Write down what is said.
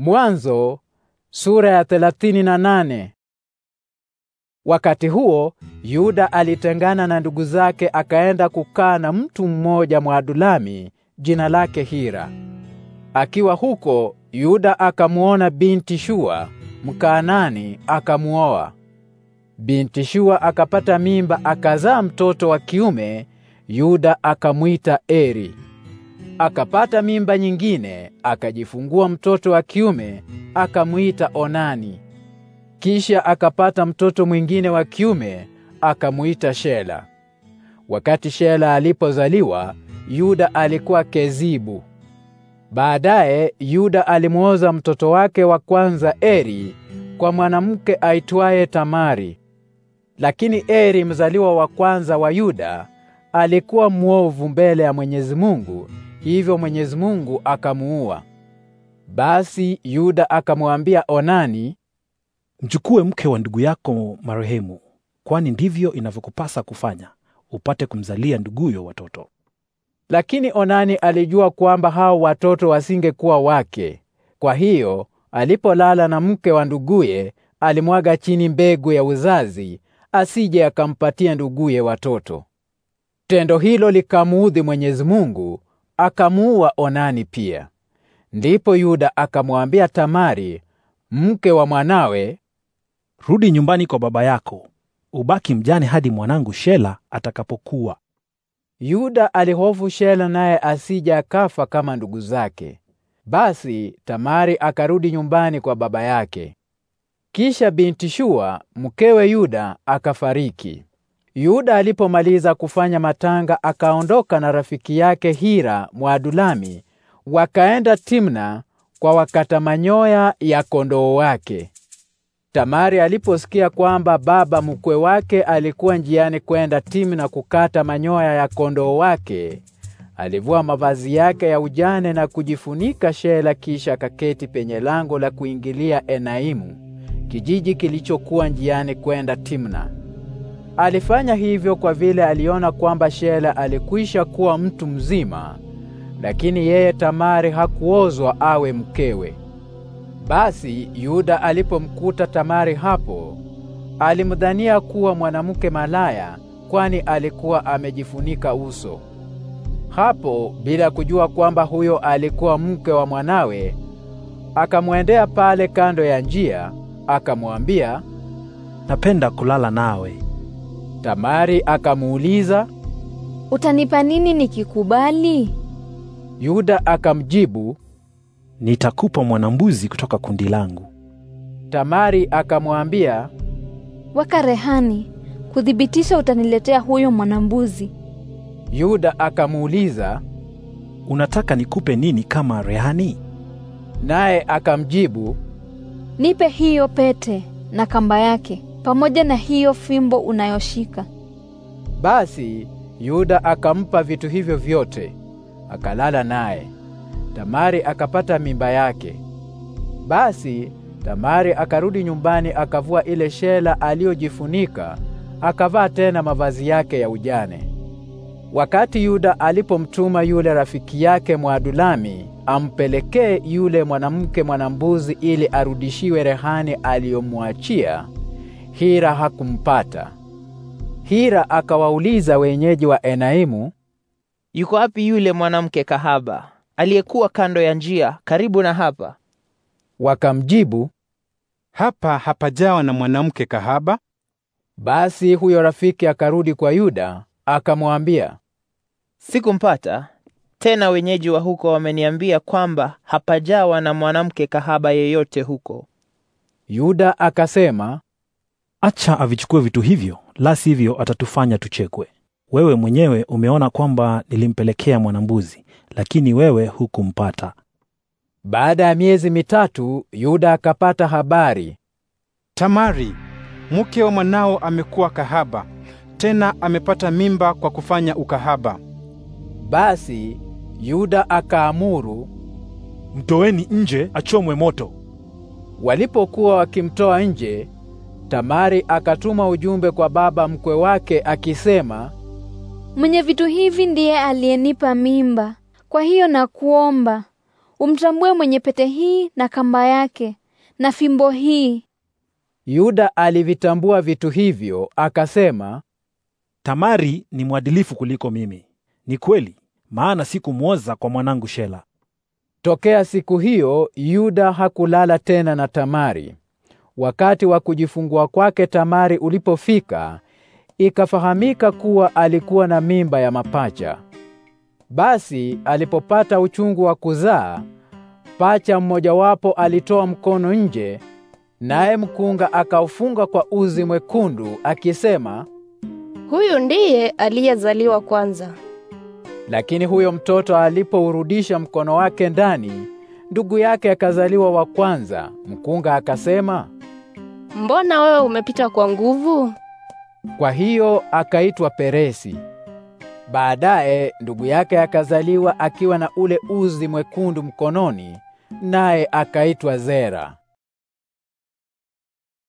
Mwanzo sura ya 38. Wakati huo Yuda alitengana na ndugu zake akaenda kukaa na mtu mmoja Mwadulami jina lake Hira. Akiwa huko Yuda akamuona binti Shua Mkaanani akamuoa. Binti Shua akapata mimba akazaa mtoto wa kiume, Yuda akamwita Eri akapata mimba nyingine, akajifungua mtoto wa kiume, akamwita Onani. Kisha akapata mtoto mwingine wa kiume, akamuita Shela. Wakati Shela alipozaliwa, Yuda alikuwa Kezibu. Baadaye Yuda alimuoza mtoto wake wa kwanza Eri kwa mwanamke aitwaye Tamari. Lakini Eri mzaliwa wa kwanza wa Yuda alikuwa muovu mbele ya Mwenyezi Mungu Hivyo Mwenyezi Mungu akamuua. Basi Yuda akamwambia Onani, mchukue mke wa ndugu yako marehemu, kwani ndivyo inavyokupasa kufanya, upate kumzalia nduguyo watoto. Lakini Onani alijua kwamba hao watoto wasingekuwa wake. Kwa hiyo alipolala na mke wa nduguye, alimwaga chini mbegu ya uzazi, asije akampatia nduguye watoto. Tendo hilo likamuudhi Mwenyezi Mungu, akamuua Onani pia. Ndipo Yuda akamwambia Tamari, mke wa mwanawe, rudi nyumbani kwa baba yako, ubaki mjane hadi mwanangu Shela atakapokuwa. Yuda alihofu Shela naye asija akafa kama ndugu zake. Basi Tamari akarudi nyumbani kwa baba yake. Kisha binti Shua mkewe Yuda akafariki. Yuda alipomaliza kufanya matanga akaondoka na rafiki yake Hira Mwadulami, wakaenda Timna kwa wakata manyoya ya kondoo wake. Tamari aliposikia kwamba baba mkwe wake alikuwa njiani kwenda Timna kukata manyoya ya kondoo wake, alivua mavazi yake ya ujane na kujifunika shela, kisha kaketi penye lango la kuingilia Enaimu, kijiji kilichokuwa njiani kwenda Timna. Alifanya hivyo kwa vile aliona kwamba Shela alikwisha kuwa mtu mzima, lakini yeye Tamari hakuozwa awe mkewe. Basi Yuda alipomkuta Tamari hapo, alimdhania kuwa mwanamke malaya, kwani alikuwa amejifunika uso. Hapo bila kujua kwamba huyo alikuwa mke wa mwanawe, akamwendea pale kando ya njia, akamwambia, napenda kulala nawe. Tamari akamuuliza, utanipa nini nikikubali? Yuda akamjibu, nitakupa mwanambuzi kutoka kundi langu. Tamari akamwambia, weka rehani kuthibitisha utaniletea huyo mwanambuzi. Yuda akamuuliza, unataka nikupe nini kama rehani? Naye akamjibu, nipe hiyo pete na kamba yake pamoja na hiyo fimbo unayoshika. Basi Yuda akampa vitu hivyo vyote, akalala naye. Tamari akapata mimba yake. Basi Tamari akarudi nyumbani, akavua ile shela aliyojifunika, akavaa tena mavazi yake ya ujane. Wakati Yuda alipomtuma yule rafiki yake Mwadulami ampelekee yule mwanamke mwanambuzi ili arudishiwe rehani aliyomwachia, Hira hakumpata. Hira akawauliza wenyeji wa Enaimu, yuko wapi yule mwanamke kahaba aliyekuwa kando ya njia karibu na hapa? Wakamjibu, hapa hapajawa na mwanamke kahaba. Basi huyo rafiki akarudi kwa Yuda akamwambia, sikumpata tena. Wenyeji wa huko wameniambia kwamba hapajawa na mwanamke kahaba yeyote huko. Yuda akasema, acha avichukue vitu hivyo, la sivyo atatufanya tuchekwe. Wewe mwenyewe umeona kwamba nilimpelekea mwanambuzi, lakini wewe hukumpata. Baada ya miezi mitatu, Yuda akapata habari, Tamari mke wa mwanao amekuwa kahaba, tena amepata mimba kwa kufanya ukahaba. Basi Yuda akaamuru, mtoweni nje achomwe moto. Walipokuwa wakimtoa nje Tamari akatuma ujumbe kwa baba mkwe wake akisema, mwenye vitu hivi ndiye aliyenipa mimba. Kwa hiyo nakuomba umtambue mwenye pete hii na kamba yake na fimbo hii. Yuda alivitambua vitu hivyo akasema, Tamari ni mwadilifu kuliko mimi. Ni kweli, maana sikumwoza kwa mwanangu Shela. Tokea siku hiyo Yuda hakulala tena na Tamari. Wakati wa kujifungua kwake Tamari ulipofika, ikafahamika kuwa alikuwa na mimba ya mapacha. Basi alipopata uchungu wa kuzaa, pacha mmojawapo alitoa mkono nje, naye mkunga akaufunga kwa uzi mwekundu akisema, huyu ndiye aliyezaliwa kwanza. Lakini huyo mtoto alipourudisha mkono wake ndani, ndugu yake akazaliwa wa kwanza. Mkunga akasema, mbona wewe umepita kwa nguvu? Kwa hiyo akaitwa Peresi. Baadaye ndugu yake akazaliwa akiwa na ule uzi mwekundu mkononi, naye akaitwa Zera.